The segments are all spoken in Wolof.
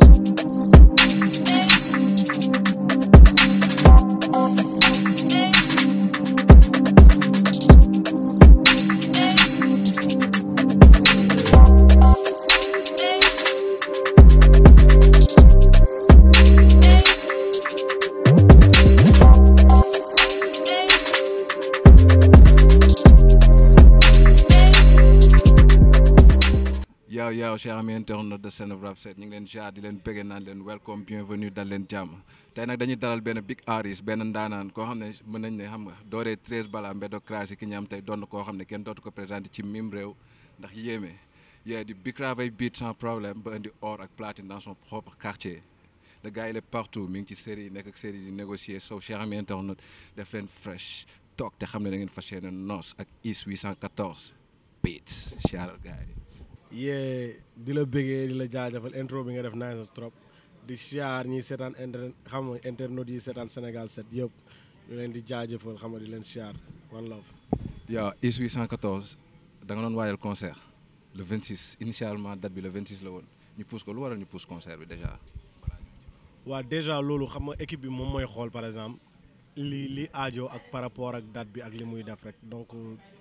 thank you yaaw yaaw chers amis internautes de Sen Rap 7 ngi leen jaar di leen bëggee naan leen welcome bienvenue dal leen jàmm tey nag dañuy dalal benn big artiste benn ndaanaan koo xam ne mën nañ ne xam nga dooree treize bala mbédocratie ki ñu am tey doon koo xam ne kenn dootu ko présenté ci mim réew ndax yéeme yee di Big Ravey beat sans problème ba indi or ak platine dans son propre quartier le gars il partout mi ngi ci série yi nekk ak série di négocier so chers amis internautes def leen fresh toog te xam ne da ngeen fas yéene noos ak IS 814 beats chers gars yee di la bëggee di la jaajëfal intro bi nga def nice trop di siyaar ñi seetaan inter xam nga internautes yi seetaan Sénégal set yëpp ñu leen di jaajëfal xam nga di leen siyaar one love. yow ISU 814 da nga doon waajal concert le 26 initialement date bi vingt 26 la woon ñu pousse ko lu waral ñu pousse concert bi déjà. waaw déjà loolu xam nga équipe bi moom mooy xool par exemple. li li aajo ak par rapport ak date bi ak li muy def rek donc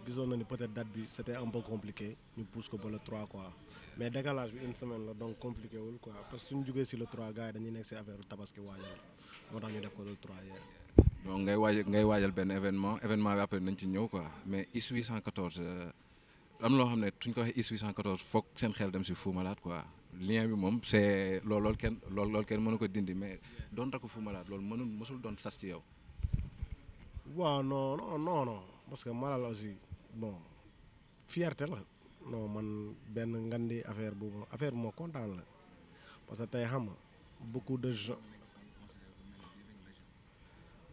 gisoon na ni peut-être date bi c'était un peu compliqué ñu pousse ko ba le 3 quoi mais décalage bi une semaine la donc compliqué wul quoi parce que suñu jugee si le 3 gars yi dañuy nekk si affaire tabaski waajal moo tax ñu def ko le 3 hier. donc ngay waaj ngay waajal benn événement événement bi après nañ ci ñëw quoi mais IS 814 euh, am loo xam ne suñ ko waxee IS 814 foog seen xel dem si Fou malaat quoi. lien bi moom c'est loolu kenn loolu loolu kenn mënu ko dindi mais doon rakk Fou Malade loolu mënul mësul doon sas ci yow. waaw non non non non parce que Malal aussi bon fierté la non man benn ngande affaire boobu affaire bu ma kontaan la parce que tey xam nga beaucoup de gens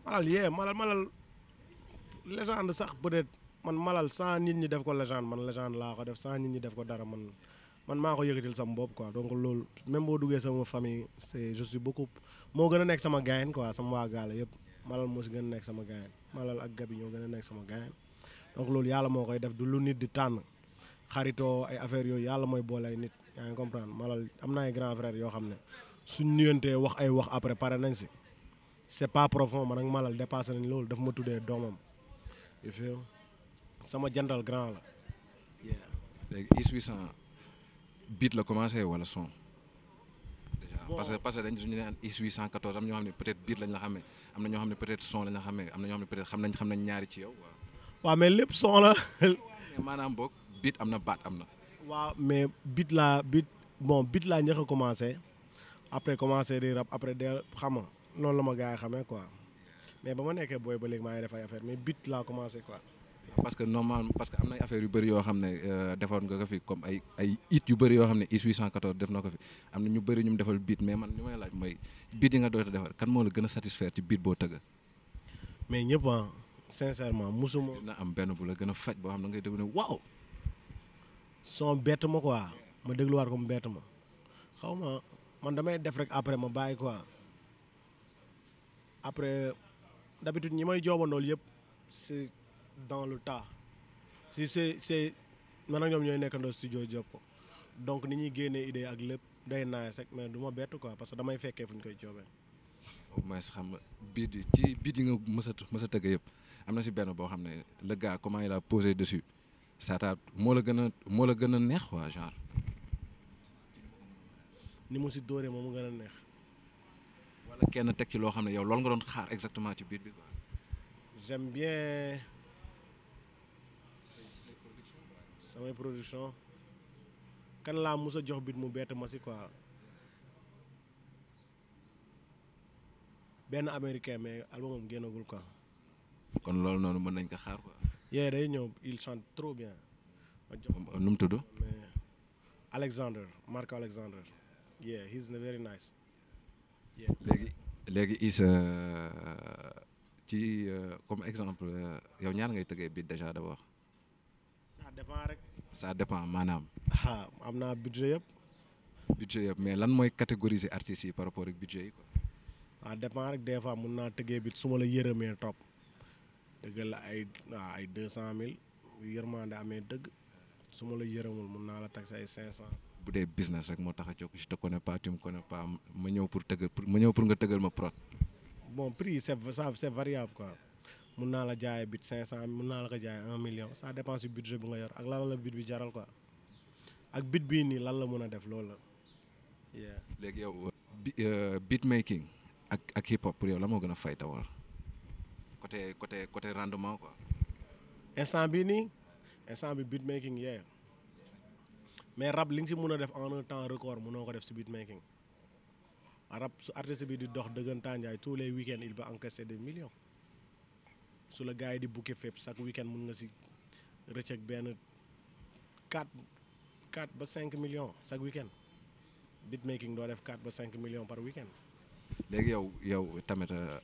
Malal yee Malal Malal légende sax peut-être man Malal sans nit ñi def ko légende man légende laa ko def sans nit ñi def ko dara man man maa ko yëkkatil sama bopp quoi donc loolu même boo duggee sama famille c'est je suis beaucoup moo gën a nekk sama gaayen quoi sama waa gaale yëpp. malal moo si gën a nekk sama gaañan malal ak gabi ñoo gën a nekk sama gaañan donc loolu yàlla moo koy def du lu nit di tànn xaritoo ay affaire yooyu yàlla mooy boole ay nit yaa ngi comprendre malal am na ay grand frère yoo xam ne suñ nuyantee wax ay wax après pare nañ si c'est pas profond man ak malal dépassé nañ loolu daf ma tuddee doomam sama jantal grand la. léegi X800 la commencé wala son. parce que parce que dañ suñu naan IS 814 am na ñoo xam ne peut-être lañ la xamee am na ñoo xam ne peut-être lañ la xamee am na ñoo xam ne peut xam nañ ñaari ci yow waaw. mais lépp son la. maanaam boog bit am na baat am na. waaw mais bit laa bit bon bit laa njëkk a commencé après commencé di rap après de xam nga la ma gars yi xamee quoi mais ba ma nekkee booy ba léegi maa ngi def ay mais bit laa commencé quoi. parce que normal parce que am na ay affaires yu bëri yoo xam ne euh, defoon nga ko fi comme ay it yu bëri yoo xam ne IS 814 def na ko fi am na ñu bëri ñu mu defal beat mais man li may laaj mooy beat yi nga doon defar kan moo la gën a satisfaire ci beat boo tëgg. mais ñëpp ah sincèrement musuma. dina am benn bu la gën a faj boo xam ne ngay déglu waaw. son bett ma quoi ma dégluwaat ko mu bett ma xaw ma man damay def rek après ma bàyyi quoi après d'habitude ñi may jooba loolu yëpp dans le temps si c'est c'est man ak ñoom ñooy nekkandoo studio job ko donc ni ñuy génne idée ak lépp day naaj rek mais du ma bett quoi parce que damay fekkee fu ñu koy coobee. au moins xam nga biir di ci biir yi nga mës tëgg yëpp am na si benn boo xam ne le gars comment il a posé dessus ça moo la gën a moo la gën a neex waa genre. ni mu si dóoree moom mu gën a neex. wala kenn teg ci loo xam ne yow loolu nga doon xaar exactement ci biir bi ko j'aime samay production kan laa mos sa jox bit mu bett ma si quoi benn américain mais albumam génnagul quoi. kon loolu noonu mën nañ ko xaar ko yee day ñëw il chante trop bien. ma jox nu mu tudd. Alexander Marco Alexander. yeah he's very nice. léegi léegi Issa euh, ci euh, comme exemple euh, yow ñaar ngay tëggee bit déjà d'abord. dépend rek. ça dépend maanaam. ah am naa budget yëpp. budget yëpp mais lan mooy catégoriser artistes yi par rapport ak budget yi ko ah dépend rek des fois mun naa tëggee bit su ma la yërëmee trop. dëggal la ay waaw ay deux cent mille yërmande amee dëgg su ma la yërëmul mun naa la tax ay cinq cent. bu dee business rek moo tax a jóg je te connais pas tu me connais pas ma ñëw pour tëggal ma ñëw pour nga tëggal ma prod. bon prix c'est ça c'est variable quoi. mun naa la jaayee bit 500 mun naa la ko jaayee 1 million ça dépend si budget bu nga yor ak lan la bit bi jaral quoi ak bit bii nii lan la mën a def loolu la. léegi yow bit euh, making ak ak hip hop pour yow la moo gën a fay tawal côté côté côté rendement quoi. instant bi nii instant bi beat making yee mais rab li nga si mun a def en un temps record mënoo ko def si beat making rap su artiste bi di dox dëggantaan jaay tous les week-ends il va encaisser des millions. su la gars yi di booké fépp chaque week-end mun na si rëcc benn quatre quatre ba cinq million chaque week-end beatmaking doo def quatre ba cinq million par week léegi yow yow tamit euh,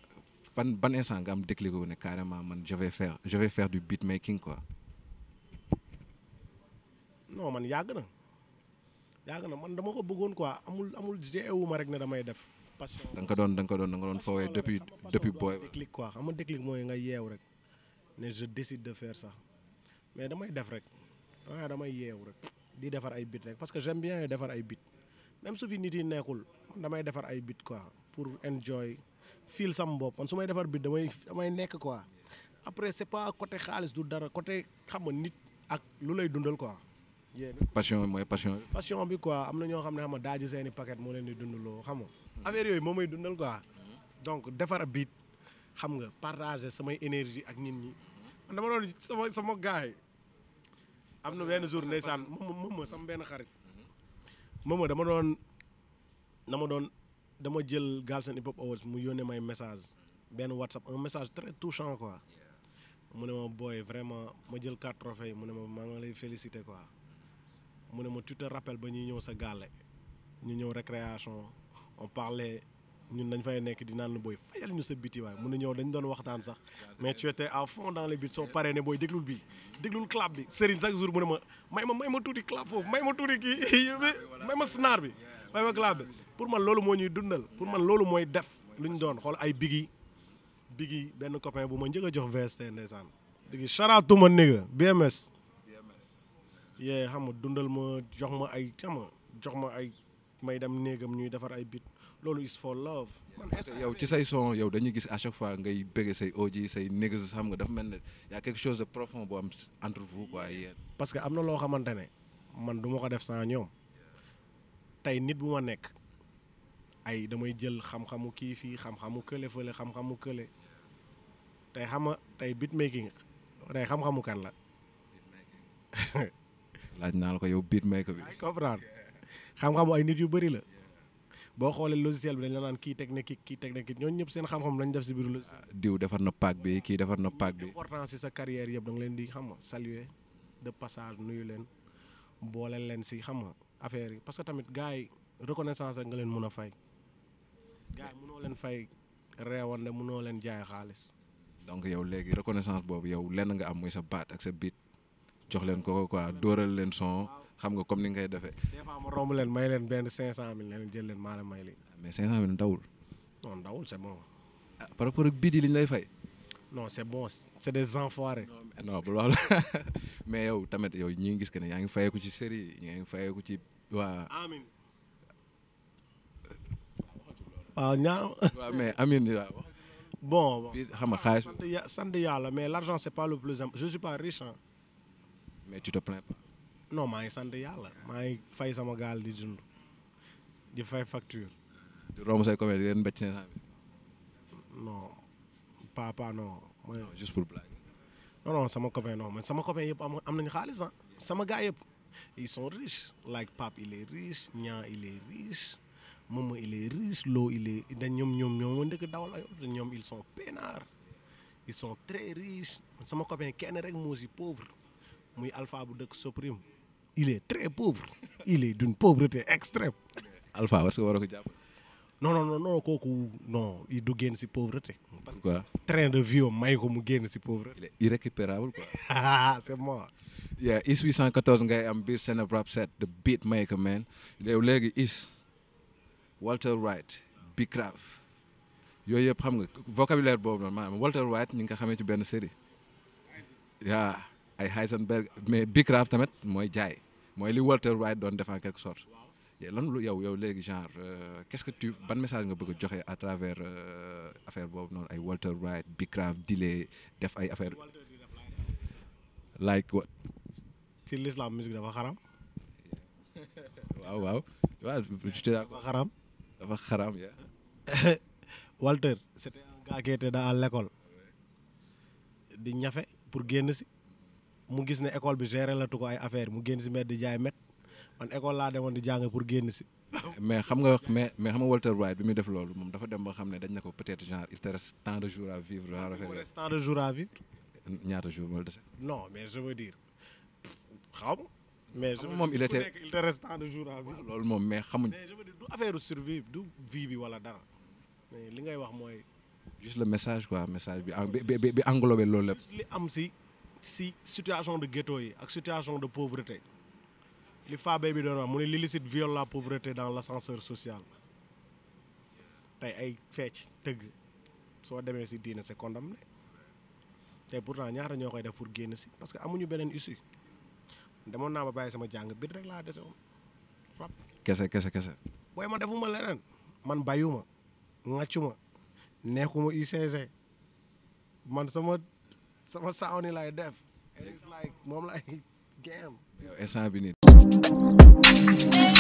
ban ban instant nga am déclic wu ne carrément man je vais faire je du bit du beatmaking quoi. non man yàgg na yàgg na man dama ko bëggoon quoi amul amul jeewuma rek ne damay def. da nga ko doon da ko doon da nga doon foowee depuis depuis booy ba. déclic quoi mooy nga yeew rek ne je décide de faire ça mais damay def rek ah, damay yeew rek di defar ay bit rek parce que j'aime bien defar ay bit même su fi yi nekkul damay defar ay bit quoi pour enjoy feel sam bopp man su may defar bit damay damay nekk quoi après c'est pas côté xaalis du dara côté xam nga nit ak lu lay dundal quoi. passion mooy passion. passion bi quoi am na ñoo xam ne xam nga daaji seeni paquet moo leen di dundaloo xam nga. Mm-hmm. affaire yooyu moom may dundal quoi. Mm-hmm. donc defar biit xam nga partager samay énergie ak nit ñi. dama doon sama sama gaay am na benn jour ndeysaan moom mm-hmm. ma sama benn xarit. moom dama doon dama doon dama jël Galsen Hip Hop Awards mu yónnee may message benn WhatsApp un message très touchant quoi. mu ne ma booy vraiment ma jël quatre trophées mu ne ma maa ngi lay féliciter quoi mu ne ma tu te ba ñuy ñëw sa gaale ñu ñëw récréation on parlait ñun dañ fay nekk di naan booy fayal ñu sa biti waaye mun na ñëw dañ doon waxtaan sax mais tu étais à fond dans les bits soo paree ne booy déglul bii déglul clap bi Serigne chaque jour mu ne ma may ma may ma tuuti clap foofu may ma tuuti kii may ma snaar bi may ma clap bi pour man loolu moo ñuy dundal pour man loolu mooy def lu ñu doon xool ay bigi bigi benn copin bu ma njëkk a jox VST ndeysaan digi ma néga BMS yee xam nga dundal ma jox ma ay xam nga jox ma ay may dem néegam ñuy defar ay bit loolu is for love. yow ci say son yow dañuy gis à chaque fois ngay bëgg say oji say niggas xam nga dafa mel ne y a quelque chose de profond bu am entre vous quoi parce que am na loo xamante ne man duma ko def sans ñoom tey nit bu ma nekk ay damay jël xam-xamu kii fii xam-xamu kële fële xam-xamu kële tey xam nga tey beat making tey xam-xamu kan la. laaj naa la ko yow beat maker bi. comprendre xam-xamu ay nit yu bari la. boo xoolee logiciel bi dañ la naan kii technique kii technique ñooñu ñëpp seen xam-xam lañ def si biir logiciel. Ah, diw defar na paak bi kii defar na paak bi. importance si sa carrière yëpp da nga leen di xam nga saluer de passage nuyu leen boole leen si xam nga affaire yi parce que tamit gars yi reconnaissance rek nga leen mën a fay. gars yi leen fay reewande munoo leen jaay xaalis. donc yow léegi reconnaissance boobu yow lenn nga am muy sa baat ak sa biit jox leen ko quoi dóoral leen son. xam nga comme ni nga koy defee. des fois ma romb leen may leen benn 500000 ne leen jël leen maa leen may lii. Ah, mais 500000 dawul. non dawul c' est bon. ah par rapport ak bii di li ñu lay fay. non c' est bon c' est des enfoirés. non bu loolu mais yow tamit yow ñi ngi gis que ne yaa ngi fayeeku ci série yi yaa ngi fayeeku ci waa. amiin. waaw ñaar. waaw mais amiin waaw. bon xam nga xaalis. sant yàlla mais l' argent c' est pas le plus important je suis pas riche hein. mais tu te plains pas. non maa ngi sant yàlla maa ngi fay sama gaal di dund di fay facture. di romb sama copain non sama copain yëpp am nañu xaalis ah sama gars yëpp ils sont riches like Pape il est riche Niang il est riche Momo il est riche Lo il est dañ ñoom ñoom ñoo ma daw la ah, ñoom ils sont peinards ils sont très riches sama copain kenn rek moo si pauvre muy alpha bu dëkk Soprim il est très pauvre il est d'une pauvreté extrême. Alpha parce que waroo ko jàpp. non non non kooku non du génn si pauvreté. parce que train de vie may ko mu génn si pauvreté. il est irrécupérable quoi. Ah, c' est mort. yeah IS 814 ngay am biir Senab Rap set the may ko man léegi léegi IS Walter White Bicrav yooyu yëpp xam nga vocabulaire boobu noonu maanaam Walter White ñi nga xamee ci benn série yaa ay Heisenberg mais Bicraft tamit mooy jaay mooy li Walter White doon def en quelque sorte lan lu yow yow léegi genre euh, qu'est-ce ban message nga bëgg a joxe à travers euh, affaire boobu noonu ay Walter White Bicraft Dile def ay affaire like what. si l'islam musique dafa xaram. waaw waaw. waaw dafa xaram. dafa xaram ya l'école ah di ñafe pour génn si. mu gis ne école bi géré la tu ko ay affaire mu génn si mbedd di jaay met man école laa demoon di jàng pour génn si. mais xam nga mais mais xam nga Walter White bi muy def loolu moom dafa dem ba xam ne dañ ne ko peut-être genre il te reste tant de jours à vivre. genre ah, affaire il reste tant de jours à vivre. ñaata jours moo dese. non mais je veux dire xaw ma mais je ah, moom il était il te reste tant de jours à vivre. Ah, loolu moom mais xamuñ. mais je veux dire du affaire survie du vie bi wala dara mais li ngay wax mooy. juste le message quoi message bi bi bi englobé loolu lépp. li am si. si situation de ghetto yi ak situation de pauvreté li Fabé bi doon wax mu ne l'illicite viole la pauvreté dans l'ascenseur social tey ay feec tëgg soo demee si diine c'est condamné tey pourtant ñaata ñoo koy def pour génn si parce que amuñu beneen issue demoon naa ba bàyyi sama jàng bit rek laa dese kese kese kese booy ma defuma leneen man bayuma ŋàccuma neexuma UCG man sama sama sound yi lay def it's like moom lay game instant bi nii